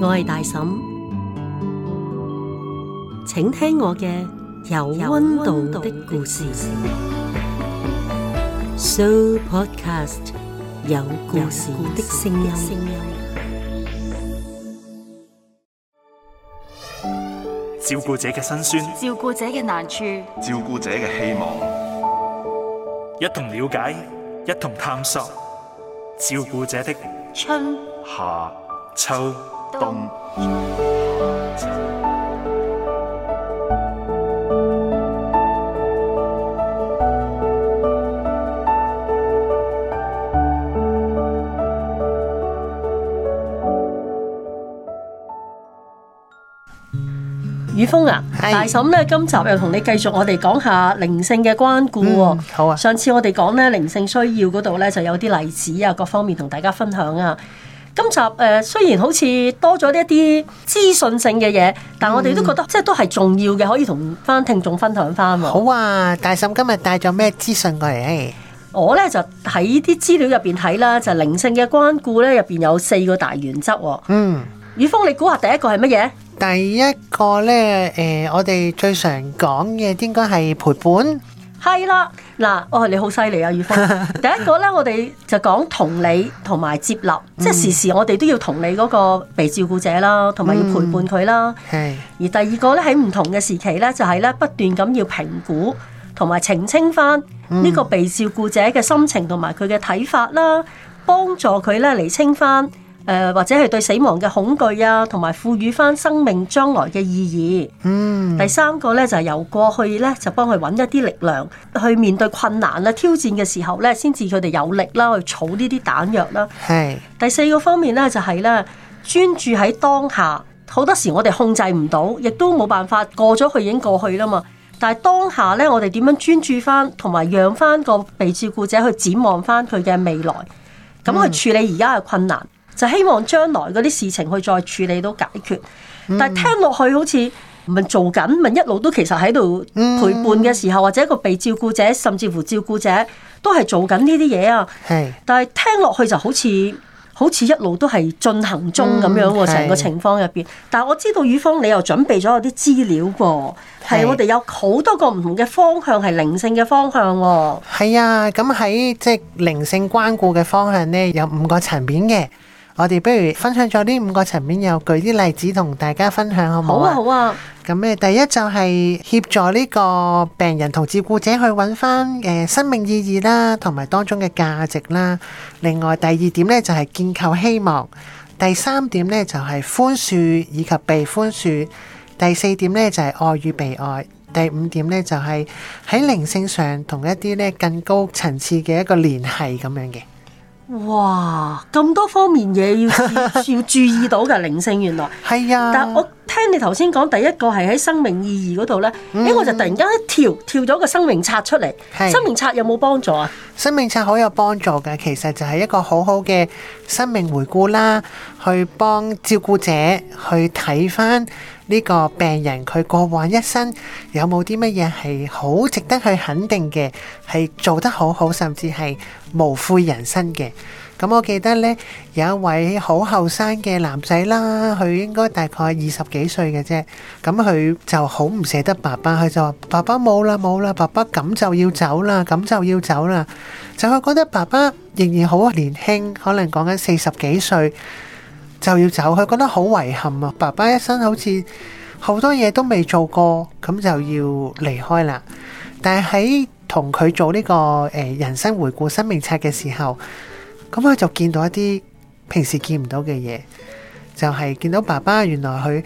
我係大嬸，請聽我嘅有温度的故事。Show Podcast 有故事的聲音。照顧者嘅辛酸，照顧者嘅難處，照顧者嘅希望，一同了解，一同探索，照顧者的春、夏、秋。雨峰啊，是大嬸呢？今集又同你繼續我哋講下靈性嘅關顧、哦嗯。好啊，上次我哋講呢靈性需要嗰度呢，就有啲例子啊，各方面同大家分享啊。今集誒、呃，雖然好似多咗呢一啲資訊性嘅嘢，但我哋都覺得、嗯、即係都係重要嘅，可以同翻聽眾分享翻。好啊，大嬸今日帶咗咩資訊過嚟？我呢就喺啲資料入邊睇啦，就靈、就是、性嘅關顧呢，入邊有四個大原則、哦。嗯，宇峰，你估下第一個係乜嘢？第一個呢，誒、呃，我哋最常講嘅應該係陪伴。係啦，嗱、哦，我係你好犀利啊，宇峰， 第一個咧，我哋就講同理同埋接納， 即係時時我哋都要同理嗰個被照顧者啦，同埋要陪伴佢啦。係。 而第二個咧，喺唔同嘅時期咧，就係、是、咧不斷咁要評估同埋澄清翻呢個被照顧者嘅心情同埋佢嘅睇法啦，幫助佢咧嚟清翻。誒或者係對死亡嘅恐懼啊，同埋賦予翻生命將來嘅意義。嗯，第三個咧就係由過去咧就幫佢揾一啲力量去面對困難啦，挑戰嘅時候咧，先至佢哋有力啦去儲呢啲彈藥啦。係。第四個方面咧就係咧專注喺當下，好多時我哋控制唔到，亦都冇辦法過咗去已經過去啦嘛。但係當下咧，我哋點樣專注翻，同埋讓翻個被照顧者去展望翻佢嘅未來，咁去處理而家嘅困難。嗯就希望將來嗰啲事情去再處理到解決，但係聽落去好似唔係做緊，咪一路都其實喺度陪伴嘅時候，嗯、或者一個被照顧者甚至乎照顧者都係做緊呢啲嘢啊。係是，但係聽落去就好似好似一路都係進行中咁樣喎，成、嗯、個情況入邊。是但係我知道宇芳，你又準備咗有啲資料噃，係是我哋有好多個唔同嘅方向係靈性嘅方向喎。係啊，咁喺即係靈性關顧嘅方向咧，有五個層面嘅。我哋不如分享咗呢五個層面，又舉啲例子同大家分享，好唔好？好啊，好啊。咁咧，第一就係協助呢個病人同照顧者去揾翻誒生命意義啦，同埋當中嘅價值啦。另外第二點咧就係建構希望，第三點咧就係寬恕以及被寬恕，第四點咧就係愛與被愛，第五點咧就係喺靈性上同一啲咧更高層次嘅一個聯繫咁樣嘅。哇！咁多方面嘢要要，要注意到嘅靈性，原來係啊，但我聽你頭先講第一個係喺生命意義嗰度呢，哎我、嗯、就突然間跳跳咗個生命冊出嚟，是生命冊有冇幫助啊？生命冊好有幫助嘅，其實就係一個好好嘅生命回顧啦，去幫照顧者去睇翻。呢個病人佢過往一生有冇啲乜嘢係好值得去肯定嘅，係做得好好，甚至係無悔人生嘅。咁我記得呢，有一位好後生嘅男仔啦，佢應該大概二十幾歲嘅啫。咁佢就好唔捨得爸爸，佢就話：爸爸冇啦冇啦，爸爸咁就要走啦，咁就要走啦。就佢覺得爸爸仍然好年輕，可能講緊四十幾歲。就要走，佢覺得好遺憾啊！爸爸一生好似好多嘢都未做過，咁就要離開啦。但係喺同佢做呢個誒人生回顧生命冊嘅時候，咁佢就見到一啲平時見唔到嘅嘢，就係、是、見到爸爸原來佢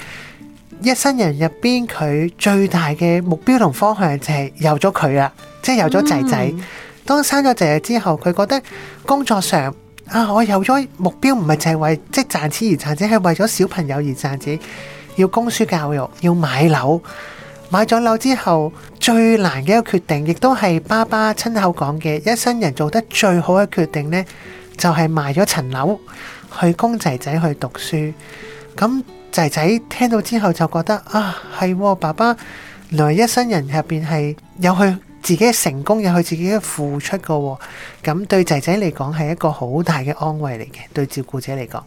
一生人入邊佢最大嘅目標同方向就係有咗佢啦，即、就、係、是、有咗仔仔。嗯、當生咗仔仔之後，佢覺得工作上。啊！我有咗目標，唔係淨係為即係、就係、賺錢而賺錢，係為咗小朋友而賺錢。要供書教育，要買樓。買咗樓之後，最難嘅一個決定，亦都係爸爸親口講嘅，一生人做得最好嘅決定呢，就係、係、賣咗層樓去供仔仔去讀書。咁仔仔聽到之後就覺得啊，係、喎、爸爸，原來一生人入邊係有去。自己嘅成功有佢自己嘅付出噶、哦，咁對仔仔嚟講係一個好大嘅安慰嚟嘅，對照顧者嚟講。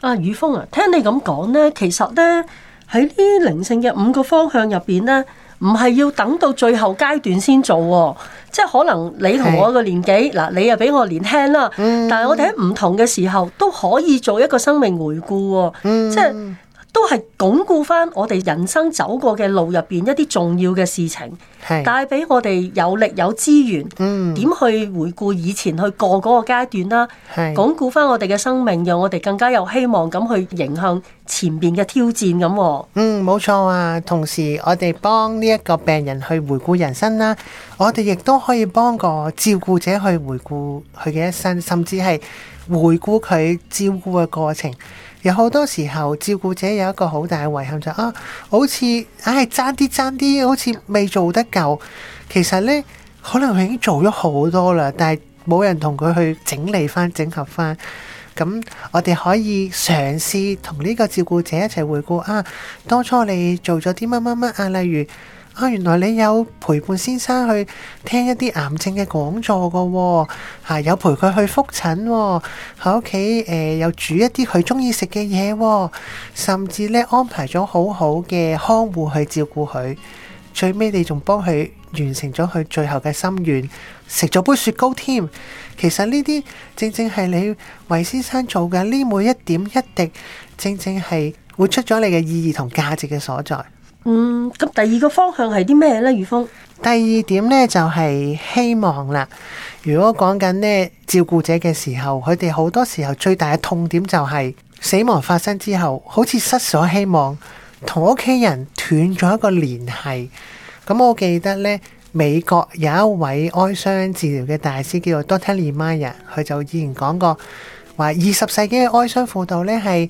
啊，宇峰啊，聽你咁講呢，其實呢，喺呢靈性嘅五個方向入邊呢，唔係要等到最後階段先做、哦，即係可能你同我個年紀，嗱你又比我年輕啦，但係我哋喺唔同嘅時候都可以做一個生命回顧、哦，嗯、即係。都係鞏固翻我哋人生走過嘅路入邊一啲重要嘅事情，帶俾是我哋有力有資源，點、嗯、去回顧以前去過嗰個階段啦、啊，鞏是固翻我哋嘅生命，讓我哋更加有希望咁去迎向前邊嘅挑戰咁、啊。嗯，冇錯啊。同時，我哋幫呢一個病人去回顧人生啦，我哋亦都可以幫個照顧者去回顧佢嘅一生，甚至係回顧佢照顧嘅過程。有好多時候，照顧者有一個好大嘅遺憾就是、啊，好似唉爭啲爭啲，好似未做得夠。其實咧，可能佢已經做咗好多啦，但係冇人同佢去整理翻、整合翻。咁我哋可以嘗試同呢個照顧者一齊回顧啊，當初你做咗啲乜乜乜啊，例如。啊，原來你有陪伴先生去聽一啲癌症嘅講座噶，哦，吓，啊、有陪佢去複診，哦，喺屋企誒有煮一啲佢中意食嘅嘢，甚至咧安排咗好好嘅看護去照顧佢，最尾你仲幫佢完成咗佢最後嘅心願，食咗杯雪糕添。其實呢啲正正係你為先生做嘅呢每一點一滴，正正係活出咗你嘅意義同價值嘅所在。嗯，咁第二個方向係啲咩咧？如峰，第二點咧就係希望啦。如果講緊咧照顧者嘅時候，佢哋好多時候最大嘅痛點就係死亡發生之後，好似失所希望，同屋企人斷咗一個聯繫。咁我記得咧，美國有一位哀傷治療嘅大師叫做 Dorothy Meyer，佢就以前講過話，二十世紀嘅哀傷輔導咧係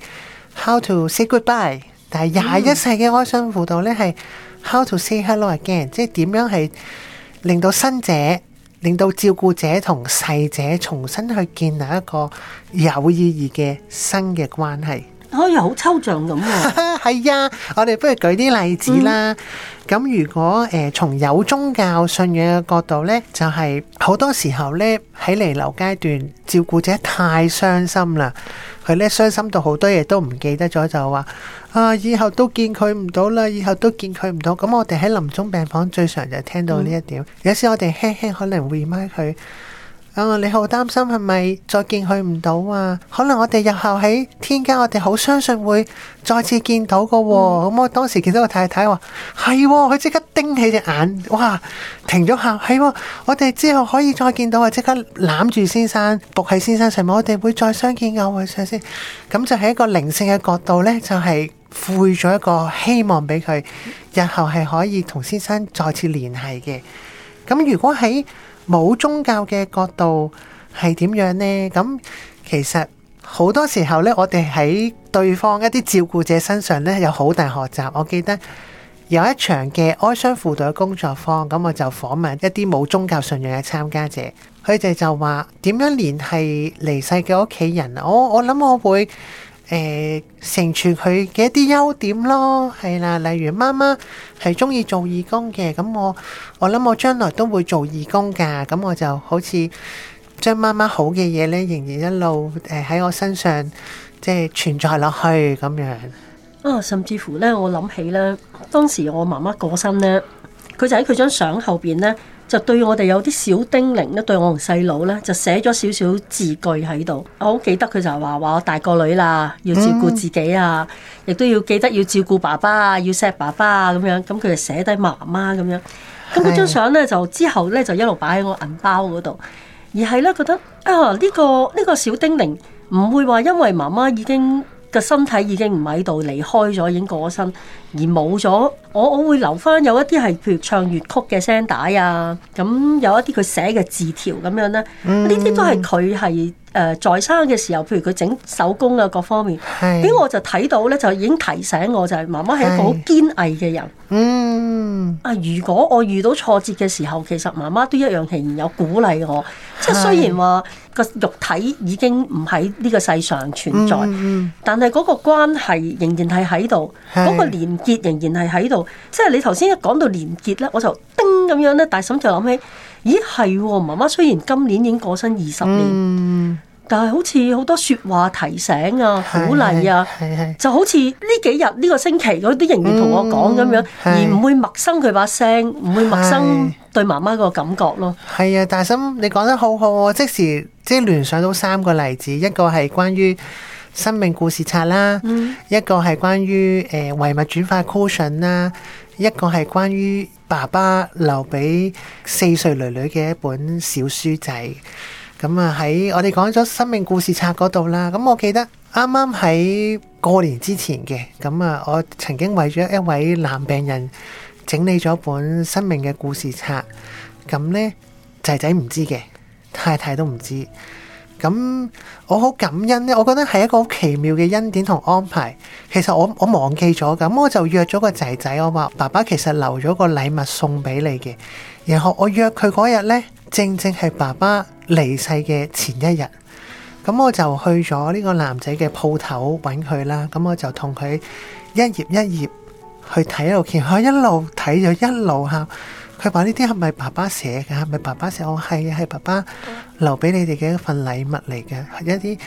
How to say goodbye。但係廿一世嘅哀傷輔導咧，係 how to say hello again，即係點樣係令到生者、令到照顧者同逝者重新去建立一個有意義嘅新嘅關係，可以好抽象咁。係啊，我哋不如舉啲例子啦。咁如果誒從有宗教信仰嘅角度咧，就係好多時候咧喺彌留階段，照顧者太傷心啦。佢咧傷心到好多嘢都唔記得咗，就話：啊，以後都見佢唔到啦，以後都見佢唔到。咁我哋喺臨終病房最常就聽到呢一點，嗯、有時我哋輕輕可能會問佢。哦、你好擔心係咪再見佢唔到啊？可能我哋日後喺天間，我哋好相信會再次見到嘅、哦。咁、嗯、我當時見到個太太話係，佢即、嗯哦、刻盯起隻眼，哇！停咗下，係、哦、我哋之後可以再見到，即刻攬住先生，伏喺先生上面，我哋會再相見我慧慧先，咁、哦、就喺一個靈性嘅角度呢，就係賦予咗一個希望俾佢，日後係可以同先生再次聯繫嘅。咁如果喺冇宗教嘅角度係點樣呢？咁其實好多時候咧，我哋喺對方一啲照顧者身上咧，有好大學習。我記得有一場嘅哀傷輔導嘅工作坊，咁我就訪問一啲冇宗教信仰嘅參加者，佢哋就話點樣聯繫離世嘅屋企人？我我諗我會。誒，成全佢嘅一啲優點咯，係啦，例如媽媽係中意做義工嘅，咁我我諗我將來都會做義工噶，咁我就好似將媽媽好嘅嘢咧，仍然一路誒喺我身上即係存在落去咁樣。哦、啊，甚至乎咧，我諗起咧，當時我媽媽過身咧，佢就喺佢張相後邊咧。就對我哋有啲小叮嚀咧，對我同細佬咧，就寫咗少少字句喺度。我好記得佢就係話：話我大個女啦，要照顧自己啊，亦、嗯、都要記得要照顧爸爸啊，要錫爸爸啊咁樣。咁佢就寫低媽媽咁樣。咁嗰張相咧就之後咧就一路擺喺我銀包嗰度。而係咧覺得啊呢個呢個小叮嚀唔會話因為媽媽已經嘅身體已經唔喺度離開咗，已經過咗身。而冇咗，我我會留翻有一啲係譬如唱粵曲嘅聲帶啊，咁有一啲佢寫嘅字條咁樣咧，呢啲、嗯、都係佢係誒在生嘅時候，譬如佢整手工啊各方面，畀是我就睇到咧，就已經提醒我，就係媽媽係一個好堅毅嘅人。嗯是，啊，如果我遇到挫折嘅時候，其實媽媽都一樣仍然有鼓勵我。是即係雖然話個是肉體已經唔喺呢個世上存在，嗯、但係個關係仍然係喺度，個個連仍然係喺度，即係你頭先一講到連結咧，我就叮咁樣咧，大嬸就諗起，咦係，媽媽雖然今年已經過身二十年，嗯、但係好似好多說話提醒啊、鼓勵啊，係係就好似呢幾日呢、呢個星期嗰啲仍然同我講咁樣，嗯、而唔會陌生佢把聲，唔會陌生對媽媽個感覺咯。係啊，大嬸，你講得好好啊，即時即係聯想到三個例子，一個係關於。生命故事冊啦，mm hmm. 一個係關於誒遺物轉化 cushion 啦，一個係關於爸爸留俾四歲女女嘅一本小書仔。咁啊喺我哋講咗生命故事冊嗰度啦。咁我記得啱啱喺過年之前嘅，咁啊我曾經為咗一位男病人整理咗本生命嘅故事冊。咁呢，仔仔唔知嘅，太太都唔知。咁我好感恩咧，我覺得係一個好奇妙嘅恩典同安排。其實我我忘記咗，咁我就約咗個仔仔，我話爸爸其實留咗個禮物送俾你嘅。然後我約佢嗰日咧，正正係爸爸離世嘅前一日。咁我就去咗呢個男仔嘅鋪頭揾佢啦。咁我就同佢一頁一頁去睇落去，我一路睇就一路哭。佢話，呢啲係咪爸爸寫嘅？係咪爸爸寫？我係啊，係爸爸留俾你哋嘅一份禮物嚟嘅，一啲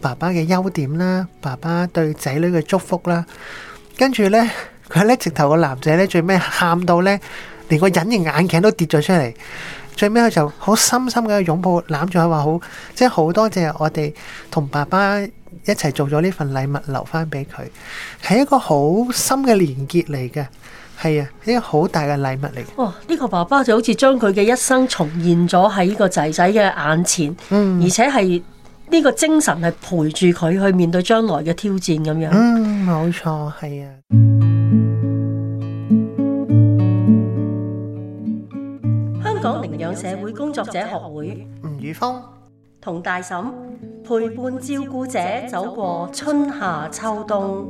爸爸嘅優點啦，爸爸對仔女嘅祝福啦。跟住咧，佢咧直頭個男仔咧，最尾喊到咧，連個隱形眼鏡都跌咗出嚟。最尾佢就好深深嘅擁抱攬住佢話好，即係好多謝我哋同爸爸一齊做咗呢份禮物留翻俾佢，係一個好深嘅連結嚟嘅。係啊，呢個好大嘅禮物嚟嘅。哦，呢個爸爸就好似將佢嘅一生重現咗喺呢個仔仔嘅眼前，嗯，而且係呢個精神係陪住佢去面對將來嘅挑戰咁樣。嗯，冇錯，係啊。香港領養社會工作者學會吳宇峰同大嬸陪伴照顧者走過春夏秋冬。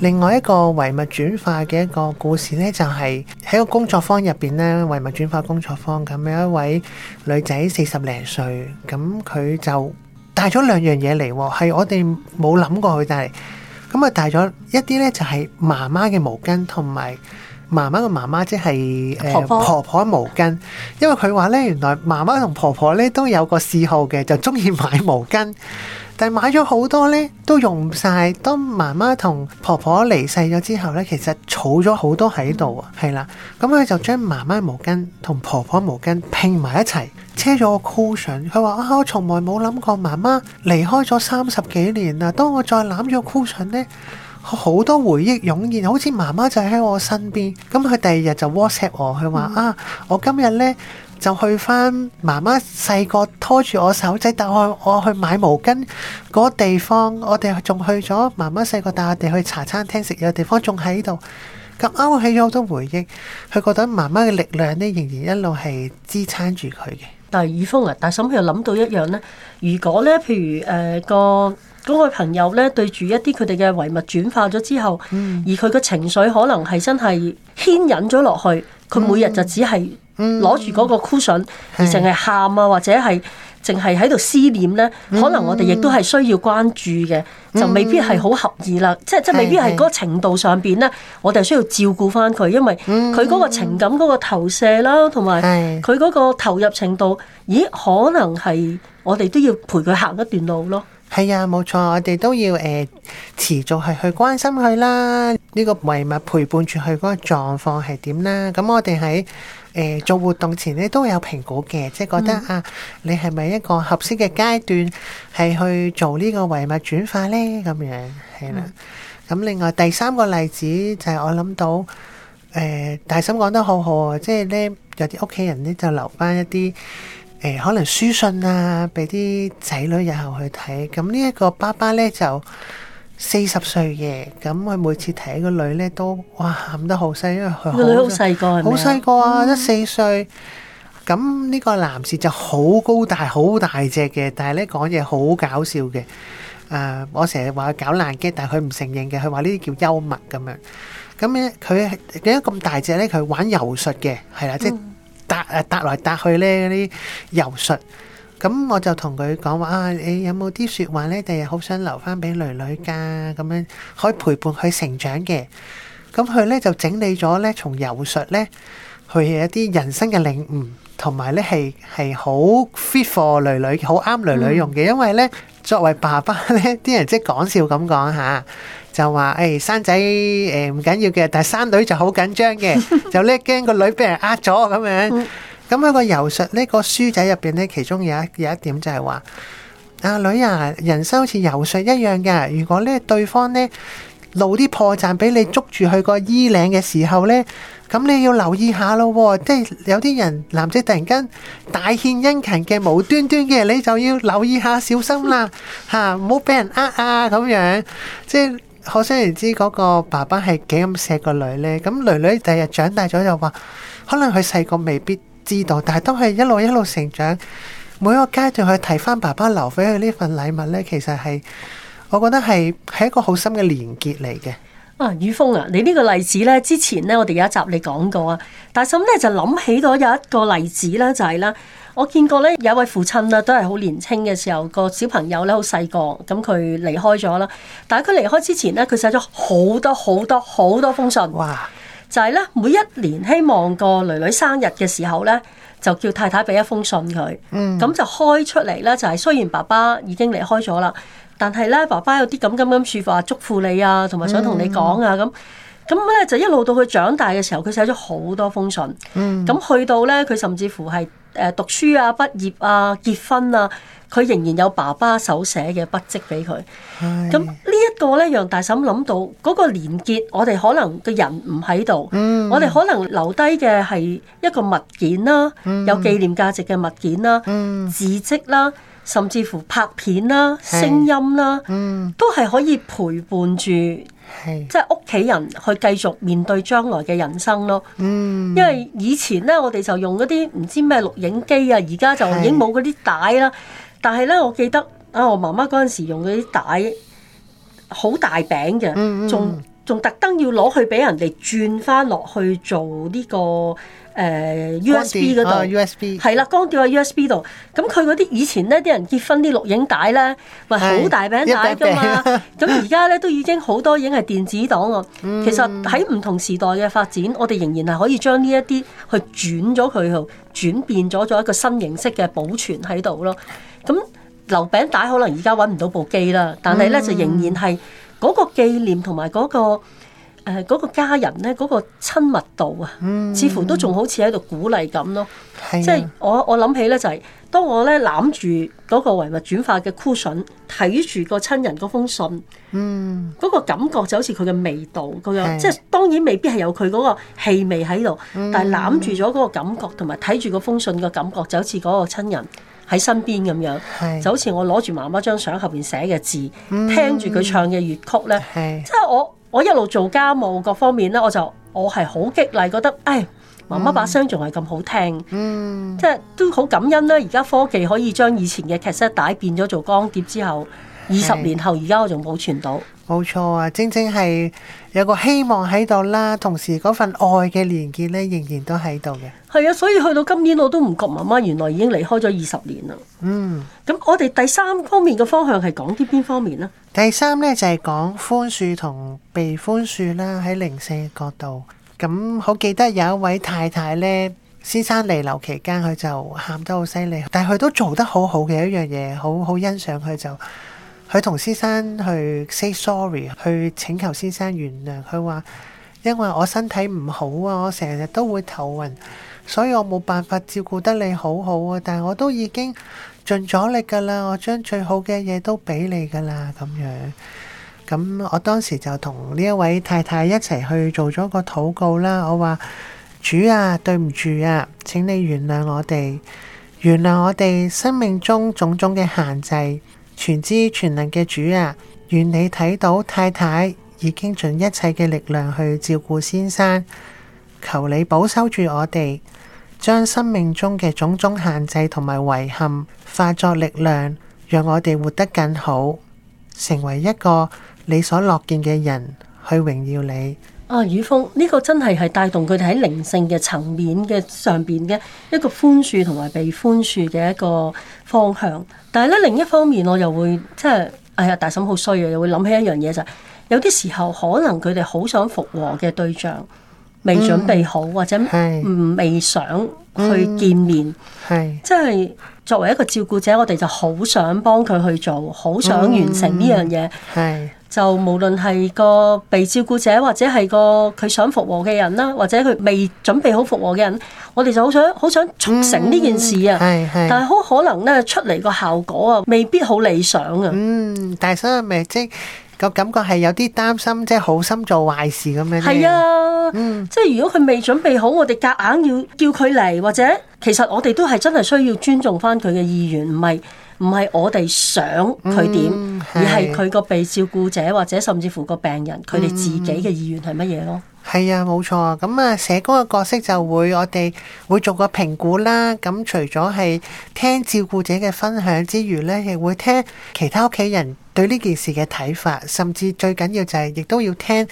另外一個遺物轉化嘅一個故事呢，就係、是、喺個工作坊入邊呢。遺物轉化工作坊，咁有一位女仔四十零歲，咁佢就帶咗兩樣嘢嚟，係我哋冇諗過佢帶嚟，咁啊帶咗一啲呢，就係、是、媽媽嘅毛巾同埋媽媽嘅媽媽即係婆婆，呃、婆婆毛巾，因為佢話呢，原來媽媽同婆婆呢都有個嗜好嘅，就中意買毛巾。但係買咗好多呢，都用唔晒。當媽媽同婆婆離世咗之後呢，其實儲咗好多喺度啊，係啦、嗯。咁佢、嗯、就將媽媽毛巾同婆婆毛巾拼埋一齊，車咗個 cushion。佢話啊，我從來冇諗過媽媽離開咗三十幾年啊。當我再攬咗 cushion 呢，好多回憶湧現，好似媽媽就喺我身邊。咁、嗯、佢、嗯、第二日就 WhatsApp 我，佢話啊，我今日呢，」就去翻媽媽細個拖住我手仔，帶我我去買毛巾嗰地方。我哋仲去咗媽媽細個帶我哋去茶餐廳食嘢嘅地方，仲喺度咁勾起咗好多回憶。佢覺得媽媽嘅力量呢，仍然一路係支撐住佢嘅。但係雨峰啊，大嬸又諗到一樣呢：如果呢，譬如誒個嗰個朋友呢，對住一啲佢哋嘅遺物轉化咗之後，嗯、而佢嘅情緒可能係真係牽引咗落去，佢每日就只係、嗯。攞住嗰個箍繩，而淨係喊啊，的或者係淨係喺度思念咧，嗯、可能我哋亦都係需要關注嘅，嗯、就未必係好合意啦。的即係即係，未必係嗰個程度上邊咧，的我哋需要照顧翻佢，因為佢嗰個情感嗰個投射啦，同埋佢嗰個投入程度，咦，可能係我哋都要陪佢行一段路咯。係啊，冇錯，我哋都要誒，持續係去關心佢啦。呢、這個遺物陪伴住佢嗰個狀況係點咧？咁我哋喺。誒，做活動前咧都有評估嘅，即係覺得、嗯、啊，你係咪一個合適嘅階段係去做呢個遺物轉化呢？咁樣係啦。咁、嗯、另外第三個例子就係我諗到，誒、呃，大嬸講得好好即係呢，有啲屋企人呢就留翻一啲誒、呃，可能書信啊，俾啲仔女日後去睇。咁呢一個爸爸呢，就。四十歲嘅，咁佢每次睇個女咧都哇喊得好細，因為佢好細個，好細個啊，一四歲。咁呢、嗯、個男士就好高大，好大隻嘅，但係咧講嘢好搞笑嘅。誒、呃，我成日話佢搞爛機，但係佢唔承認嘅，佢話呢啲叫幽默咁樣。咁咧佢點解咁大隻咧？佢玩游術嘅，係啦，嗯、即係搭誒搭來搭去咧嗰啲游術。咁我就同佢講話啊，你有冇啲說話咧，第日好想留翻俾女女噶，咁樣可以陪伴佢成長嘅。咁佢咧就整理咗咧，從游術咧，佢有一啲人生嘅領悟，同埋咧係係好 fit for 女女，好啱女女用嘅。因為咧，作為爸爸咧，啲人即係講笑咁講吓，就話誒、欸、生仔誒唔緊要嘅，但係生女就好緊張嘅，就咧驚個女俾人呃咗咁樣。咁喺個柔術呢、呢個書仔入邊咧，其中有一有一點就係話：阿、啊、女啊，人生好似柔術一樣嘅。如果咧對方咧露啲破綻俾你捉住佢個衣領嘅時候咧，咁你要留意下咯，即係有啲人男仔突然間大獻殷勤嘅、無端端嘅，你就要留意下小心啦，吓、啊，唔好俾人呃啊咁樣。即係可想而知嗰個爸爸係幾咁錫個女咧。咁女女第日長大咗就話，可能佢細個未必。知道，但係當佢一路一路成長，每一個階段去睇翻爸爸留俾佢呢份禮物咧，其實係我覺得係係一個好深嘅連結嚟嘅。啊，宇峰啊，你呢個例子咧，之前咧我哋有一集你講過啊，但係咁咧就諗起咗有一個例子啦，就係啦，我見過咧有一位父親啦，都係好年青嘅時候，個小朋友咧好細個，咁佢離開咗啦，但係佢離開之前咧，佢寫咗好多好多好多封信。哇就係咧，每一年希望個女女生日嘅時候咧，就叫太太俾一封信佢。嗯，咁就開出嚟咧，就係、是、雖然爸爸已經離開咗啦，但係咧，爸爸有啲咁咁咁說話，祝福你啊，同埋想同你講啊，咁咁咧，就一路到佢長大嘅時候，佢寫咗好多封信。嗯，咁去到咧，佢甚至乎係誒讀書啊、畢業啊、結婚啊。佢仍然有爸爸手寫嘅筆跡俾佢，咁呢一個咧，讓大嬸諗到嗰個連結。我哋可能個人唔喺度，我哋可能留低嘅係一個物件啦，有紀念價值嘅物件啦、字跡啦，甚至乎拍片啦、聲音啦，都係可以陪伴住，即係屋企人去繼續面對將來嘅人生咯。因為以前咧，我哋就用嗰啲唔知咩錄影機啊，而家就已經冇嗰啲帶啦。但係咧，我記得啊，我媽媽嗰陣時用嗰啲帶好大餅嘅，仲仲特登要攞去俾人哋轉翻落去做呢、呢個誒、呃、 USB 嗰度、啊，USB 係啦，光掉喺 USB 度。咁佢嗰啲以前呢啲人結婚啲錄影帶咧，咪好大餅帶㗎嘛。咁而家咧都已經好多已經係電子檔啊。其實喺唔同時代嘅發展，我哋仍然係可以將呢一啲去轉咗佢，轉變咗咗一個新形式嘅保存喺度咯。咁，劉餅帶可能而家揾唔到部機啦，但係咧、嗯、就仍然係嗰個紀念同埋嗰個誒、呃嗰個家人咧嗰、嗰個親密度啊，嗯、似乎都仲好似喺度鼓勵咁咯。即係、啊、我我諗起咧就係、是、當我咧攬住嗰個遺物轉化嘅 cushion 睇住個親人嗰封信，嗯，嗰個感覺就好似佢嘅味道咁樣，佢是有即係、就是、當然未必係有佢嗰個氣味喺度，嗯、但係攬住咗嗰個感覺同埋睇住個封信嘅感覺就好似嗰個親人、人。喺身邊咁樣，是就好似我攞住媽媽張相後邊寫嘅字，嗯、聽住佢唱嘅粵曲咧，是即係我我一路做家務各方面咧，我就我係好激勵，覺得唉，媽媽把聲仲係咁好聽，嗯、即係都好感恩啦、啊！而家科技可以將以前嘅劇室帶變咗做光碟之後。二十年後，而家我仲保存到，冇錯啊！正正係有個希望喺度啦，同時嗰份愛嘅連結咧，仍然都喺度嘅。係啊，所以去到今年我都唔覺媽媽原來已經離開咗二十年啦。嗯，咁我哋第三方面嘅方向係講啲邊方面呢？第三咧就係、是、講寬恕同被寬恕啦，喺零四角度。咁好記得有一位太太咧，先生彌留期間佢就喊得好犀利，但係佢都做得好好嘅一樣嘢，好好欣賞佢就。佢同先生去 say sorry，去請求先生原諒。佢話：因為我身體唔好啊，我成日都會頭暈，所以我冇辦法照顧得你好好啊。但係我都已經盡咗力㗎喇，我將最好嘅嘢都俾你㗎喇。咁樣，咁我當時就同呢一位太太一齊去做咗個禱告啦。我話：主啊，對唔住啊，請你原諒我哋，原諒我哋生命中種種嘅限制。全知全能嘅主啊，願你睇到太太已經盡一切嘅力量去照顧先生，求你保守住我哋，將生命中嘅種種限制同埋遺憾化作力量，讓我哋活得更好，成為一個你所樂見嘅人，去榮耀你。啊，雨峰，呢、這個真係，係帶動佢哋喺靈性嘅層面嘅上邊嘅一個寬恕同埋被寬恕嘅一個方向。但係咧另一方面我，我又會即係哎呀，大嬸好衰啊，又會諗起一樣嘢就係、是、有啲時候可能佢哋好想復和嘅對象未準備好，嗯、或者唔是未想去見面，即係、嗯、作為一個照顧者，我哋就好想幫佢去做，好想完成呢樣嘢。嗯嗯。就無論係個被照顧者，或者係個佢想復和嘅人啦，或者佢未準備好復和嘅人，我哋就好想好想促成呢件事啊！嗯、但係好可能咧出嚟個效果啊，未必好理想啊。嗯，但係所以咪即係個感覺係有啲擔心，即係好心做壞事咁樣？係啊，嗯、即係如果佢未準備好，我哋夾硬要叫佢嚟，或者其實我哋都係真係需要尊重翻佢嘅意願，唔係。唔係我哋想佢點，嗯、而係佢個被照顧者或者甚至乎個病人佢哋自己嘅意願係乜嘢咯？係、嗯、啊，冇錯。咁啊，社工嘅角色就會我哋會做個評估啦。咁除咗係聽照顧者嘅分享之餘呢，亦會聽其他屋企人對呢件事嘅睇法，甚至最緊要就係亦都要聽。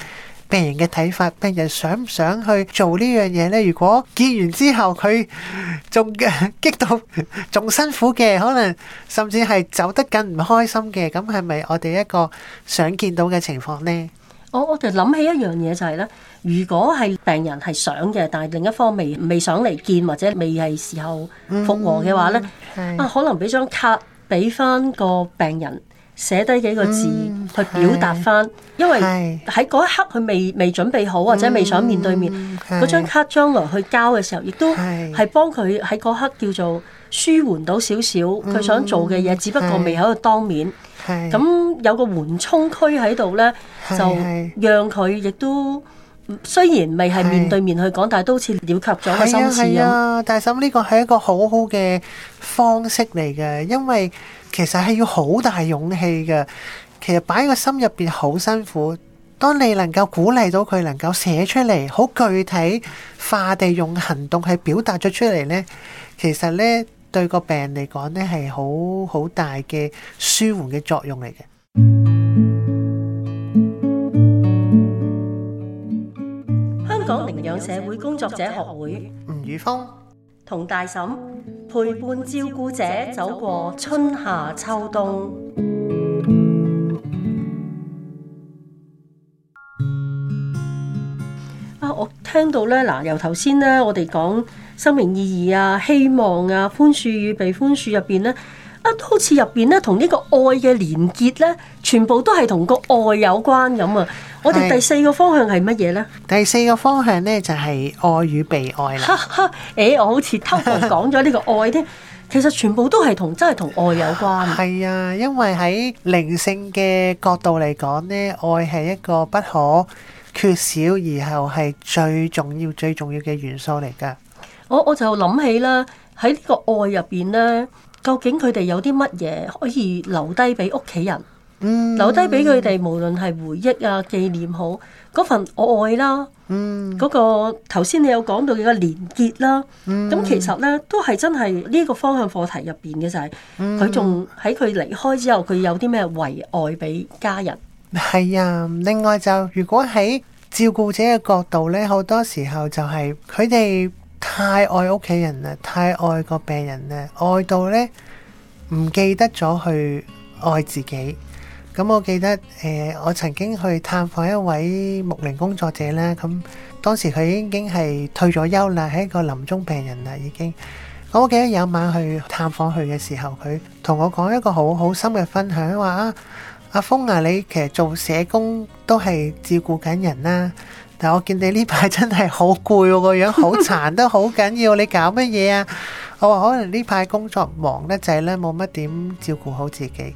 病人嘅睇法，病人想唔想去做呢樣嘢呢？如果見完之後佢仲激到仲辛苦嘅，可能甚至係走得更唔開心嘅，咁係咪我哋一個想見到嘅情況呢？哦、我我就諗起一樣嘢就係、是、咧，如果係病人係想嘅，但係另一方未，未想嚟見或者未係時候復和嘅話呢，嗯嗯、啊，可能俾張卡俾翻個病人。寫低幾個字去表達翻、嗯，因為喺嗰一刻佢未未準備好或者未想面對面嗰張、嗯嗯、卡，將來去交嘅時候，亦都係幫佢喺嗰刻叫做舒緩到少少佢、嗯、想做嘅嘢，只不過未喺度當面。咁是有個緩衝區喺度呢，就讓佢亦都雖然未係面對面去講，是但係都好似了卻咗個心事咁、啊啊啊。大嬸，呢個係一個好好嘅方式嚟嘅，因為。其實係要好大勇氣嘅，其實擺喺個心入邊好辛苦。當你能夠鼓勵到佢，能夠寫出嚟好具體化地用行動去表達咗出嚟呢，其實呢對個病人嚟講呢係好好大嘅舒緩嘅作用嚟嘅。香港營養社會工作者學會吳宇峰同大嬸。陪伴照顧者走過春夏秋冬。啊，我聽到咧，嗱、啊，由頭先咧，我哋講生命意義啊、希望啊、寬恕與被寬恕入邊咧。都好似入邊咧，同呢個愛嘅連結咧，全部都係同個愛有關咁啊。我哋第四個方向係乜嘢咧？第四個方向咧就係、是、愛與被愛啦。誒、 欸，我好似偷講咗呢個愛添， 其實全部都係同真係同愛有關。係啊，因為喺靈性嘅角度嚟講咧，愛係一個不可缺少，而後係最重要、最重要嘅元素嚟噶。我我就諗起啦，喺呢個愛入邊咧。究竟佢哋有啲乜嘢可以留低俾屋企人？嗯、留低俾佢哋，無論係回憶啊、紀念好嗰份愛啦。嗰、嗯、個頭先你有講到幾個連結啦。咁、嗯、其實咧都係真係呢個方向課題入邊嘅，就係佢仲喺佢離開之後，佢有啲咩遺愛俾家人。係啊，另外就如果喺照顧者嘅角度咧，好多時候就係佢哋。太愛屋企人啦，太愛個病人啦，愛到咧唔記得咗去愛自己。咁我記得誒、呃，我曾經去探訪一位牧靈工作者啦。咁當時佢已經係退咗休啦，係一個臨終病人啦，已經。咁我記得有晚去探訪佢嘅時候，佢同我講一個好好深嘅分享，話啊阿峰啊，你其實做社工都係照顧緊人啦、啊。但我見你呢排真係好攰，個樣好殘，都好緊要。 你搞乜嘢啊？我話可能呢排工作忙得滯咧，冇乜點照顧好自己。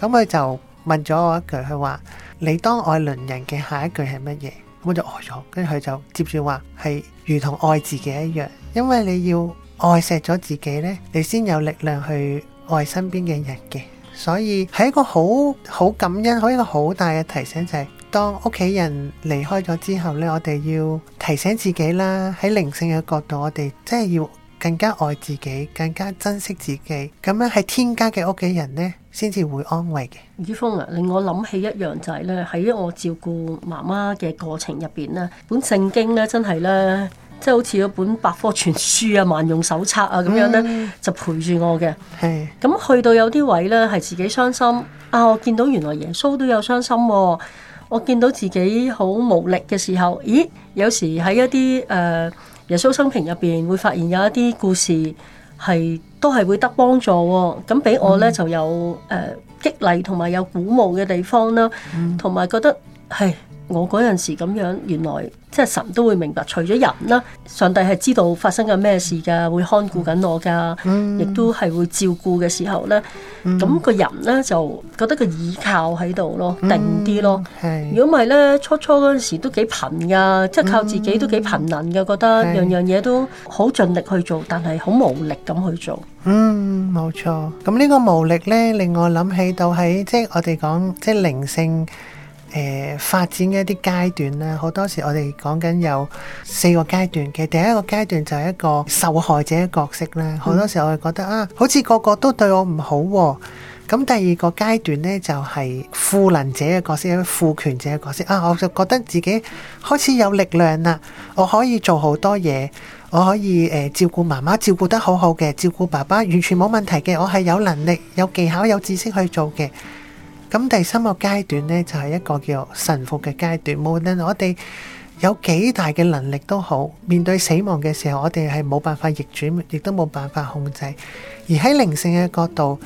咁佢就問咗我一句，佢話你當愛鄰人嘅下一句係乜嘢？我就呆咗，跟住佢就接住話係如同愛自己一樣，因為你要愛錫咗自己呢你先有力量去愛身邊嘅人嘅。所以係一個好好感恩，係一個好大嘅提醒就係、是。當屋企人離開咗之後呢，我哋要提醒自己啦。喺靈性嘅角度，我哋即係要更加愛自己，更加珍惜自己。咁咧，喺天家嘅屋企人呢，先至會安慰嘅。宇峰，啊，令我諗起一樣就係咧，喺我照顧媽媽嘅過程入邊呢，本聖經呢真係呢，即係好似一本百科全書啊、萬用手冊啊咁樣呢，嗯、就陪住我嘅。係咁是去到有啲位呢，係自己傷心啊！我見到原來耶穌都有傷心、啊。我見到自己好無力嘅時候，咦？有時喺一啲誒、呃、耶穌生平入邊會發現有一啲故事係都係會得幫助喎、哦。咁俾我咧、嗯、就有誒、呃、激勵同埋有鼓舞嘅地方啦，同埋、嗯、覺得係。我嗰陣時咁樣，原來即係神都會明白，除咗人啦，上帝係知道發生緊咩事噶，會看顧緊我噶，亦都係會照顧嘅時候咧。咁個人咧就覺得個依靠喺度咯，定啲咯。係。如果唔係咧，初初嗰陣時都幾貧噶，即係靠自己都幾貧能嘅，覺得樣樣嘢都好盡力去做，但係好無力咁去做。嗯，冇錯。咁呢個無力咧，令我諗起到喺即係我哋講即係靈性。誒、呃，發展嘅一啲階段啦。好多時我哋講緊有四個階段嘅。第一個階段就係一個受害者嘅角色啦。好、嗯、多時我會覺得啊，好似個個都對我唔好啊。咁第二個階段呢，就係、是、賦能者嘅角色，賦權者嘅角色啊，我就覺得自己開始有力量啦，我可以做好多嘢，我可以誒照顧媽媽，照顧得好好嘅，照顧爸爸完全冇問題嘅，我係有能力、有技巧、有知識去做嘅。咁第三個階段咧，就係、是、一個叫臣服嘅階段。無論我哋有幾大嘅能力都好，面對死亡嘅時候，我哋係冇辦法逆轉，亦都冇辦法控制。而喺靈性嘅角度，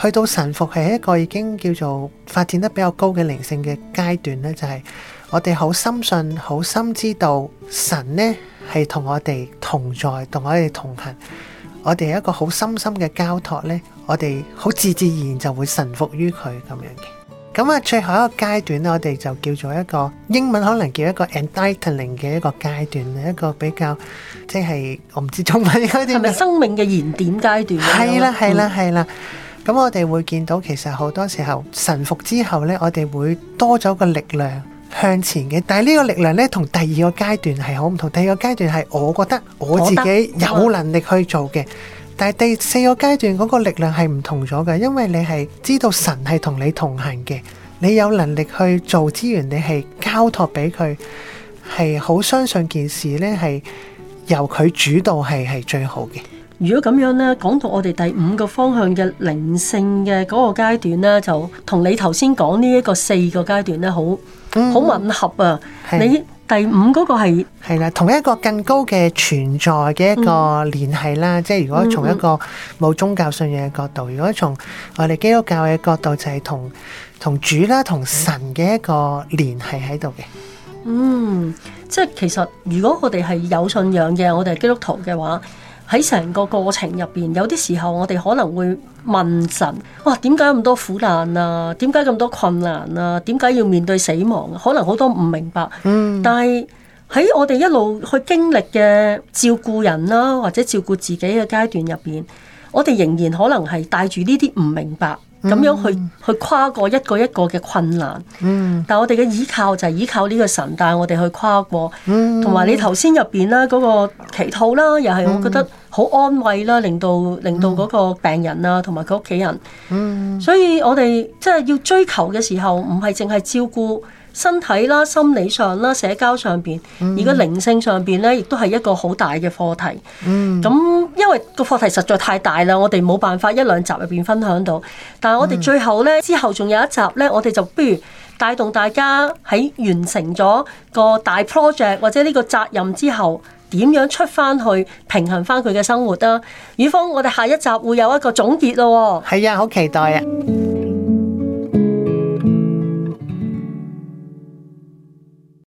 去到臣服係一個已經叫做發展得比較高嘅靈性嘅階段咧，就係、是、我哋好深信、好深知道神咧係同我哋同在、我同我哋同行。我哋一個好深深嘅交託咧，我哋好自自然然就會臣服於佢咁樣嘅。咁啊，最後一個階段咧，我哋就叫做一個英文可能叫一個 entitling 嘅一個階段，一個比較即係我唔知中文應該係咪生命嘅燃點階段？係啦，係啦，係啦。咁、嗯、我哋會見到其實好多時候臣服之後咧，我哋會多咗個力量。向前嘅，但係呢個力量咧，同第二個階段係好唔同。第二個階段係我覺得我自己有能力去做嘅，但係第四個階段嗰個力量係唔同咗嘅，因為你係知道神係同你同行嘅，你有能力去做資源，你係交託俾佢，係好相信件事咧，係由佢主導係，係最好嘅。如果咁樣咧，講到我哋第五個方向嘅靈性嘅嗰個階段咧，就同你頭先講呢一個四個階段咧，好好、嗯、吻合啊！是你第五嗰個係係啦，同一個更高嘅存在嘅一個聯繫啦。嗯、即係如果從一個冇宗教信仰嘅角度，嗯、如果從我哋基督教嘅角度就，就係同同主啦，同神嘅一個聯繫喺度嘅。嗯，即係其實如果我哋係有信仰嘅，我哋係基督徒嘅話。喺成個過程入邊，有啲時候我哋可能會問神，哇，點解咁多苦難啊？點解咁多困難啊？點解要面對死亡？可能好多唔明白。嗯，但係喺我哋一路去經歷嘅照顧人啦，或者照顧自己嘅階段入邊，我哋仍然可能係帶住呢啲唔明白。咁、嗯、樣去去跨過一個一個嘅困難，嗯、但我哋嘅依靠就係依靠呢個神帶我哋去跨過，同埋、嗯、你頭先入面啦嗰個祈禱啦，又係我覺得好安慰啦、嗯，令到令到嗰個病人啊同埋佢屋企人，嗯、所以我哋即係要追求嘅時候，唔係淨係照顧。身體啦、心理上啦、社交上邊，嗯、而家靈性上邊咧，亦都係一個好大嘅課題。咁、嗯、因為個課題實在太大啦，我哋冇辦法一兩集入邊分享到。但係我哋最後咧，之後仲有一集咧，我哋就不如帶動大家喺完成咗個大 project 或者呢個責任之後，點樣出翻去平衡翻佢嘅生活啦。宇峰，我哋下一集會有一個總結咯。係啊，好期待啊！